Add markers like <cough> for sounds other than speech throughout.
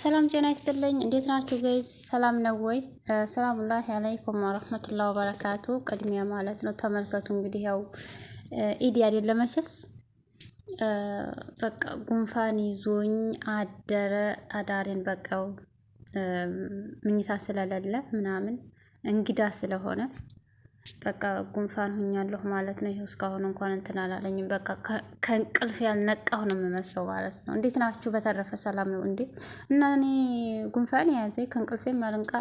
ሰላም ጤና ይስጥልኝ። እንዴት ናችሁ ገይዝ? ሰላም ነው ወይ? ሰላም ላህ አለይኩም ወረህመቱላህ ወበረካቱ። ቅድሚያ ማለት ነው ተመልከቱ እንግዲህ ያው ኢድ አይደለም መቼስ በቃ ጉንፋን ይዞኝ አደረ። አዳሬን በቃው ምኝታ ስለሌለ ምናምን እንግዳ ስለሆነ በቃ ጉንፋን ሁኛለሁ ማለት ነው። ይኸው እስካሁን እንኳን እንትን አላለኝም። በቃ ከእንቅልፍ ያልነቃሁ ነው የምመስለው ማለት ነው። እንዴት ናችሁ? በተረፈ ሰላም ነው እንዴ? እና እኔ ጉንፋን የያዘ ከእንቅልፌ ማልንቃ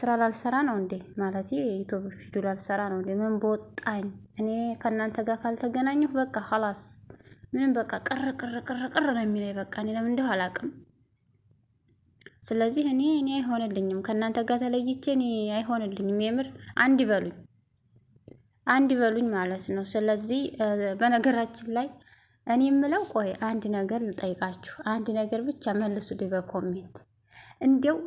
ስራ ላልሰራ ነው እንዴ? ማለት ዩቱብ ፊዱ ላልሰራ ነው እንዴ? ምን በወጣኝ እኔ ከእናንተ ጋር ካልተገናኘሁ በቃ ሀላስ ምንም በቃ ቅር ቅር ቅር ቅር ነው የሚለኝ። በቃ እኔ ለምን እንደው አላውቅም። ስለዚህ እኔ እኔ አይሆንልኝም ከእናንተ ጋር ተለይቼ እኔ አይሆንልኝም። የምር አንድ ይበሉኝ። አንድ በሉኝ ማለት ነው። ስለዚህ በነገራችን ላይ እኔ የምለው ቆይ አንድ ነገር ልጠይቃችሁ፣ አንድ ነገር ብቻ መልሱ በኮሜንት እንዲው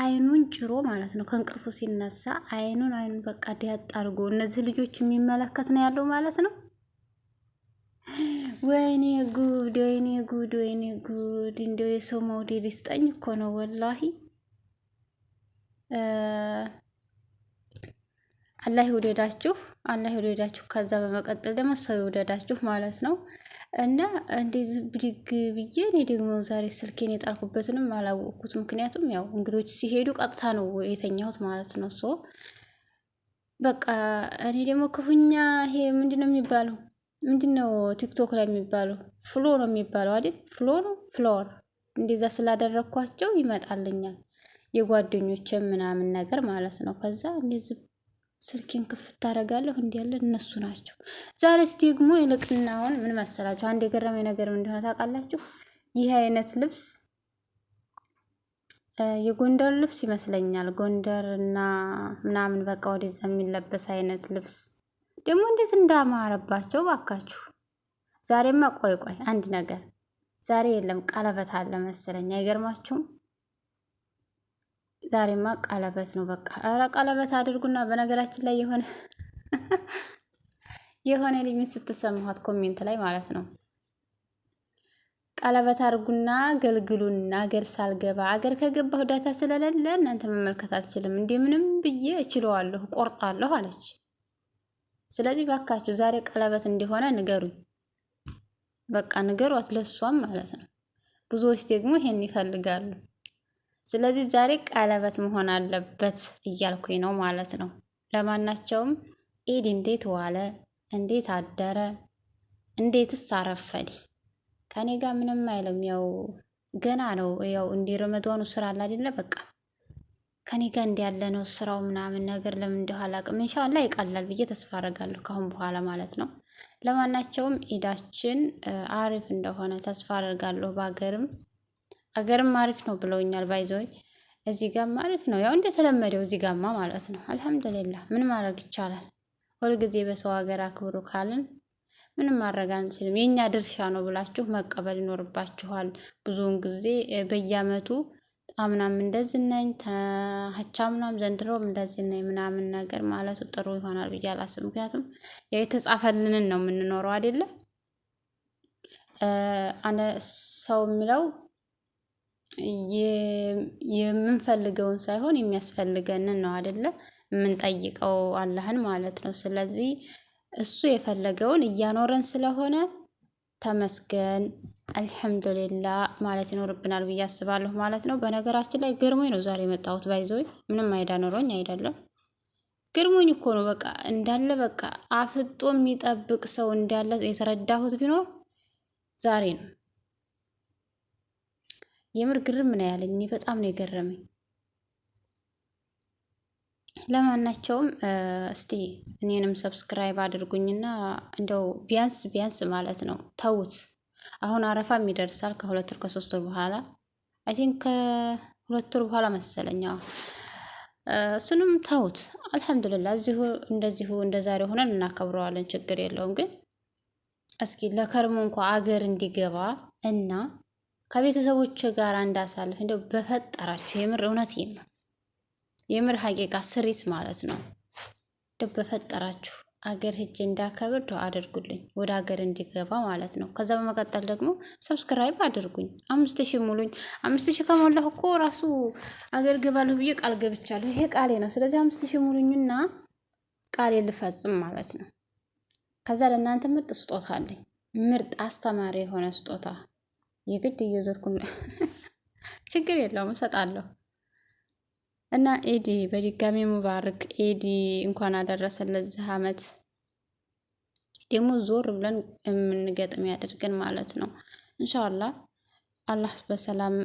አይኑን ጭሮ ማለት ነው ከእንቅልፉ ሲነሳ አይኑን አይኑን በቃ ዲያጥ አድርጎ እነዚህ ልጆች የሚመለከት ነው ያለው ማለት ነው። ወይኔ ጉድ፣ ወይኔ ጉድ፣ ወይኔ ጉድ! እንዲው የሰው መውደድ ይስጠኝ እኮ ነው ወላሂ አላህ ይውደዳችሁ፣ አላህ ይውደዳችሁ። ከዛ በመቀጠል ደግሞ ሰው ይውደዳችሁ ማለት ነው። እና እንደዚህ ብድግ ብዬ እኔ ደግሞ ዛሬ ስልኬን የጣልኩበትንም አላወቅኩት። ምክንያቱም ያው እንግዶች ሲሄዱ ቀጥታ ነው የተኛሁት ማለት ነው። ሶ በቃ እኔ ደግሞ ክፉኛ ይሄ ምንድን ነው የሚባለው? ምንድን ነው ቲክቶክ ላይ የሚባለው? ፍሎ ነው የሚባለው አይደል? ፍሎ ነው ፍሎር። እንደዛ ስላደረግኳቸው ይመጣልኛል የጓደኞችን ምናምን ነገር ማለት ነው። ከዛ እንደዚህ ስልኬን ክፍት ታደርጋለሁ እንዲ ያለ እነሱ ናቸው። ዛሬ ደግሞ ይልቅና አሁን ምን መሰላችሁ አንድ የገረመኝ ነገር እንደሆነ ታውቃላችሁ? ይህ አይነት ልብስ የጎንደር ልብስ ይመስለኛል። ጎንደር እና ምናምን በቃ ወደዛ የሚለበስ አይነት ልብስ ደግሞ እንዴት እንዳማረባቸው ባካችሁ። ዛሬማ ቆይ ቆይ አንድ ነገር ዛሬ የለም ቀለበት አለ መሰለኝ አይገርማችሁም? ዛሬማ ቀለበት ነው በቃ። ኧረ ቀለበት አድርጉና በነገራችን ላይ የሆነ <laughs> የሆነ ልጅ ምን ኮሜንት ላይ ማለት ነው ቀለበት አድርጉና ገልግሉን አገር ሳልገባ አገር ከገባ ዳታ ስለሌለ እናንተ መመልከት አልችልም፣ እንደምንም ምንም ብዬ እችለዋለሁ ቆርጣለሁ አለች። ስለዚህ ባካችሁ ዛሬ ቀለበት እንደሆነ ንገሩኝ፣ በቃ ንገሯት ለሷም ማለት ነው። ብዙዎች ደግሞ ይሄን ይፈልጋሉ። ስለዚህ ዛሬ ቀለበት መሆን አለበት እያልኩኝ ነው ማለት ነው። ለማናቸውም ኢድ እንዴት ዋለ፣ እንዴት አደረ፣ እንዴትስ አረፈደ ከኔ ጋር ምንም አይልም። ያው ገና ነው። ያው እንዲ ረመዷኑ ስራ አለ አይደለ? በቃ ከኔ ጋር እንዲ ያለ ነው ስራው ምናምን ነገር ለምን እንደው አላውቅም። ኢንሻአላህ ይቀላል ብዬ ተስፋ አደርጋለሁ ካሁን በኋላ ማለት ነው። ለማናቸውም ኢዳችን አሪፍ እንደሆነ ተስፋ አደርጋለሁ በሀገርም አገርም አሪፍ ነው ብለውኛል። ባይዘወኝ እዚህ ጋማ አሪፍ ነው፣ ያው እንደተለመደው እዚህ ጋማ ማለት ነው። አልሐምዱሊላ ምን ማድረግ ይቻላል? ሁልጊዜ በሰው ሀገር አክብሩ ካልን ምንም ማድረግ አንችልም። የእኛ ድርሻ ነው ብላችሁ መቀበል ይኖርባችኋል። ብዙውን ጊዜ በየአመቱ አምናም እንደዚህ ነኝ ምናም ዘንድሮም እንደዚህ ነኝ ምናምን ነገር ማለቱ ጥሩ ይሆናል ብዬ አላስብ። ምክንያቱም የተጻፈልንን ነው የምንኖረው አይደለ ሰው የሚለው የምንፈልገውን ሳይሆን የሚያስፈልገንን ነው አደለ የምንጠይቀው አላህን ማለት ነው። ስለዚህ እሱ የፈለገውን እያኖረን ስለሆነ ተመስገን አልሐምዱሊላ ማለት ይኖርብናል ብዬ አስባለሁ ማለት ነው። በነገራችን ላይ ገርሞኝ ነው ዛሬ የመጣሁት። ባይዘወይ ምንም አይዳ ኖሮኝ አይደለም ግርሞኝ እኮ ነው። በቃ እንዳለ በቃ አፍጦ የሚጠብቅ ሰው እንዳለ የተረዳሁት ቢኖር ዛሬ ነው። የምር ግርም ነው ያለኝ። እኔ በጣም ነው የገረመኝ። ለማናቸውም እስቲ እኔንም ሰብስክራይብ አድርጉኝና እንደው ቢያንስ ቢያንስ ማለት ነው ተዉት። አሁን አረፋም ይደርሳል ከሁለት ወር ከሶስት ወር በኋላ አይ ቲንክ ከሁለት ወር በኋላ መሰለኛ። እሱንም ተዉት። አልሐምዱሊላ እዚሁ እንደዚሁ እንደ ዛሬ ሆነን እናከብረዋለን። ችግር የለውም ግን እስኪ ለከርሙ እንኳ አገር እንዲገባ እና ከቤተሰቦች ጋር እንዳሳልፍ እንደው በፈጠራችሁ የምር እውነት ነው የምር ሀቂቃ ስሪስ ማለት ነው። እንደው በፈጠራችሁ አገር ህጅ እንዳከብር ዶ አድርጉልኝ ወደ ሀገር እንዲገባ ማለት ነው። ከዛ በመቀጠል ደግሞ ሰብስክራይብ አድርጉኝ፣ አምስት ሺ ሙሉኝ። አምስት ሺ ከሞላሁ እኮ ራሱ አገር ገባለሁ ብዬ ቃል ገብቻለሁ። ይሄ ቃሌ ነው። ስለዚህ አምስት ሺ ሙሉኝና ቃሌ ልፈጽም ማለት ነው። ከዛ ለእናንተ ምርጥ ስጦታ አለኝ። ምርጥ አስተማሪ የሆነ ስጦታ የግድ እየዞርኩ <laughs> ችግር የለውም እሰጣለሁ። እና ኤዲ በድጋሚ ሙባርክ ኤዲ እንኳን አደረሰን ለዚህ አመት። ደግሞ ዞር ብለን የምንገጥም ያደርገን ማለት ነው እንሻላ አላህ በሰላም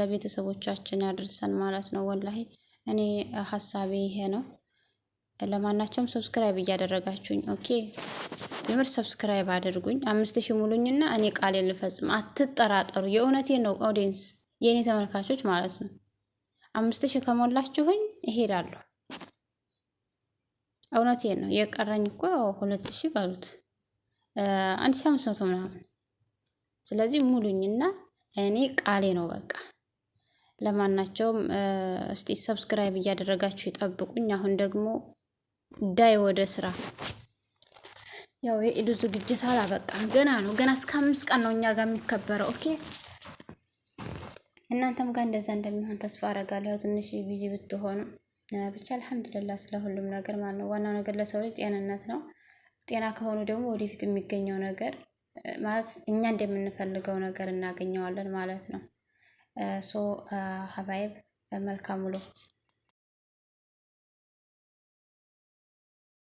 ለቤተሰቦቻችን ያደርሰን ማለት ነው። ወላሂ እኔ ሀሳቤ ይሄ ነው። ለማናቸውም ሰብስክራይብ እያደረጋችሁኝ ኦኬ የምር ሰብስክራይብ አድርጉኝ። አምስት ሺህ ሙሉኝና እኔ ቃሌን ልፈጽም። አትጠራጠሩ፣ የእውነቴ ነው። ኦዲየንስ፣ የእኔ ተመልካቾች ማለት ነው። አምስት ሺህ ከሞላችሁኝ እሄዳለሁ። እውነቴ ነው። የቀረኝ እኮ ሁለት ሺህ በሉት አንድ ሺህ አምስት መቶ ምናምን። ስለዚህ ሙሉኝና እኔ ቃሌ ነው በቃ። ለማናቸውም እስቲ ሰብስክራይብ እያደረጋችሁ ይጠብቁኝ። አሁን ደግሞ ዳይ ወደ ስራ ያው የኢዱ ዝግጅት አላበቃም፣ ገና ነው። ገና እስከ አምስት ቀን ነው እኛ ጋር የሚከበረው። ኦኬ እናንተም ጋር እንደዛ እንደሚሆን ተስፋ አረጋለሁ። ትንሽ ቢዚ ብትሆኑ ብቻ አልሐምዱሊላህ ስለ ሁሉም ነገር ማለት ነው። ዋናው ነገር ለሰው ልጅ ጤንነት ነው። ጤና ከሆኑ ደግሞ ወደፊት የሚገኘው ነገር ማለት እኛ እንደምንፈልገው ነገር እናገኘዋለን ማለት ነው። ሶ ሀባይብ መልካም ውሎ